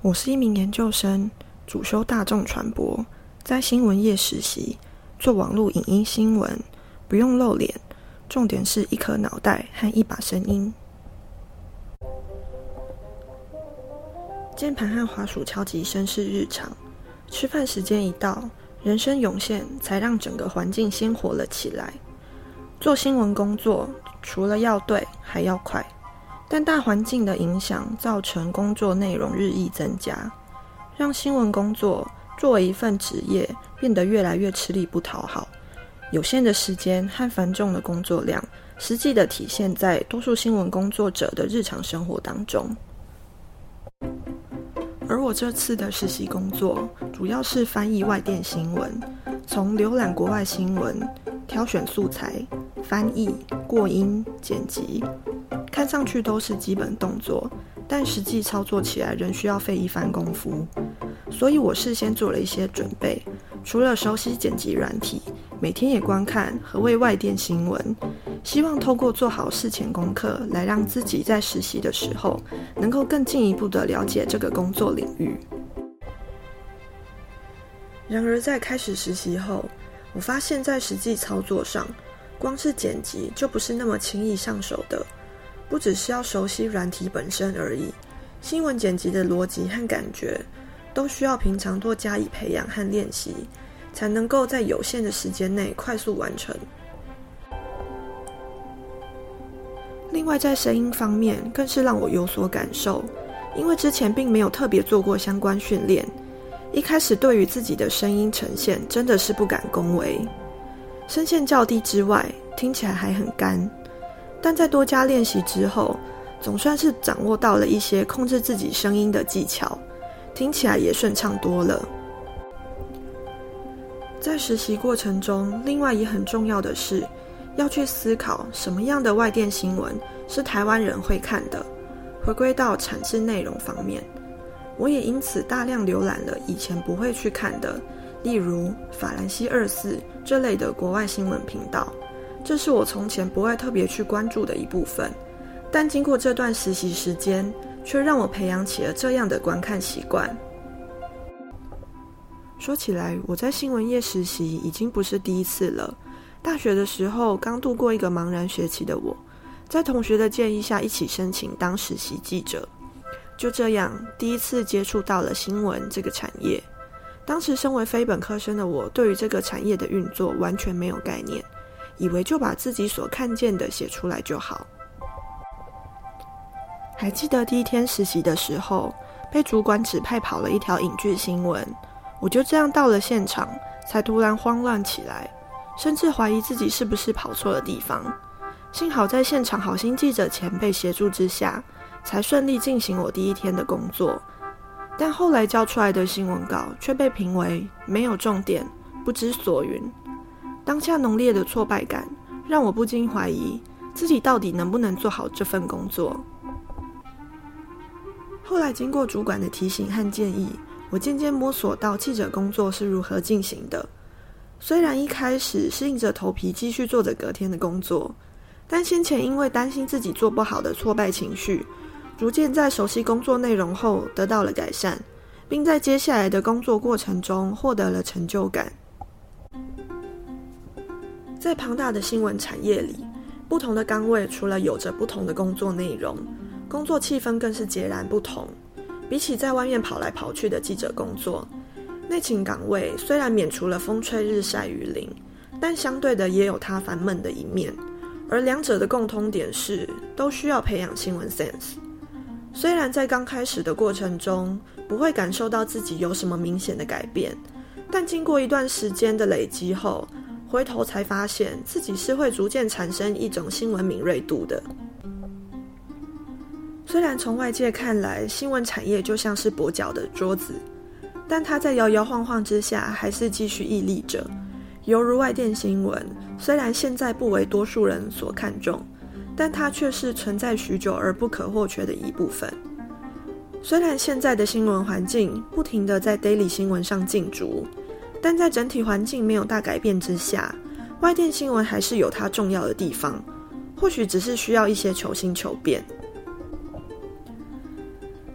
我是一名研究生，主修大眾傳播，在新聞業實習，做網絡影音新聞，不用露臉，重點是一顆腦袋和一把聲音，鍵盤和滑鼠敲擊聲是日常，吃飯時間一到，人聲湧現，才讓整個環境鮮活了起來。做新聞工作，除了要對，還要快。但大環境的影響造成工作內容日益增加，讓新聞工作作為一份職業變得越來越吃力不討好。有限的時間和繁重的工作量，實際的體現在多數新聞工作者的日常生活當中。而我這次的實習工作主要是翻譯外電新聞，從瀏覽國外新聞、挑選素材、翻譯、過音、剪輯。上去都是基本動作，但實際操作起來仍需要費一番功夫。所以，我事先做了一些準備，除了熟悉剪輯軟體，每天也觀看和為外電新聞，希望透過做好事前功課，來讓自己在實習的時候能夠更進一步的了解這個工作領域。然而，在開始實習後，我發現，在實際操作上，光是剪輯就不是那麼輕易上手的。不只是要熟悉軟體本身而已，新聞剪輯的邏輯和感覺，都需要平常多加以培養和練習，才能夠在有限的時間內快速完成。另外，在聲音方面更是讓我有所感受，因為之前並沒有特別做過相關訓練，一開始對於自己的聲音呈現真的是不敢恭維，聲線較低之外，聽起來還很乾。但在多加練習之後，總算是掌握到了一些控制自己聲音的技巧，聽起來也順暢多了。在實習過程中，另外也很重要的是，要去思考什麼樣的外電新聞是台灣人會看的。回歸到產制內容方面，我也因此大量瀏覽了以前不會去看的，例如法蘭西二四這類的國外新聞頻道。這是我從前不愛特別去關注的一部分，但經過這段實習時間，卻讓我培養起了這樣的觀看習慣。說起來，我在新聞業實習已經不是第一次了。大學的時候，剛度過一個茫然學期的我，在同學的建議下，一起申請當實習記者。就這樣，第一次接觸到了新聞這個產業。當時，身為非本科生的我，對於這個產業的運作完全沒有概念。以為就把自己所看見的寫出來就好。還記得第一天實習的時候，被主管指派跑了一條影劇新聞，我就這樣到了現場，才突然慌亂起來，甚至懷疑自己是不是跑錯了地方。幸好在現場好心記者前輩協助之下，才順利進行我第一天的工作。但後來交出來的新聞稿卻被評為沒有重點、不知所云。當下濃烈的挫敗感，讓我不禁懷疑自己到底能不能做好這份工作。後來經過主管的提醒和建議，我漸漸摸索到記者工作是如何進行的。雖然一開始是硬着頭皮繼續做着隔天的工作，但先前因為擔心自己做不好的挫敗情緒，逐漸在熟悉工作內容後得到了改善，並在接下來的工作過程中獲得了成就感。在龐大的新聞產業裡，不同的崗位除了有着不同的工作內容，工作氣氛更是截然不同。比起在外面跑來跑去的記者工作，內勤崗位雖然免除了風吹日曬雨淋，但相對的也有它煩悶的一面。而兩者的共通點是，都需要培養新聞 sense。雖然在剛開始的過程中不會感受到自己有什麼明顯的改變，但經過一段時間的累積後。回頭才發現，自己是會逐漸產生一種新聞敏銳度的。雖然從外界看來，新聞產業就像是跛腳的桌子，但它在搖搖晃晃之下還是繼續屹立着。猶如外電新聞，雖然現在不為多數人所看重，但它卻是存在許久而不可或缺的一部分。雖然現在的新聞環境不停地在 daily 新聞上競逐。但在整體環境沒有大改變之下，外電新聞還是有它重要的地方，或許只是需要一些求新求變。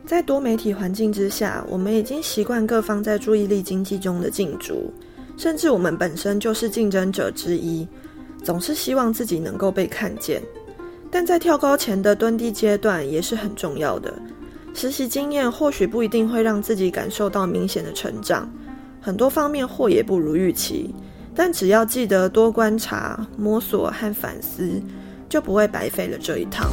在多媒體環境之下，我們已經習慣各方在注意力經濟中的競逐，甚至我們本身就是競爭者之一，總是希望自己能夠被看見。但在跳高前的蹲低階段也是很重要的，實習經驗或許不一定會讓自己感受到明顯的成長。很多方面或也不如預期，但只要記得多觀察、摸索和反思，就不會白費了這一趟。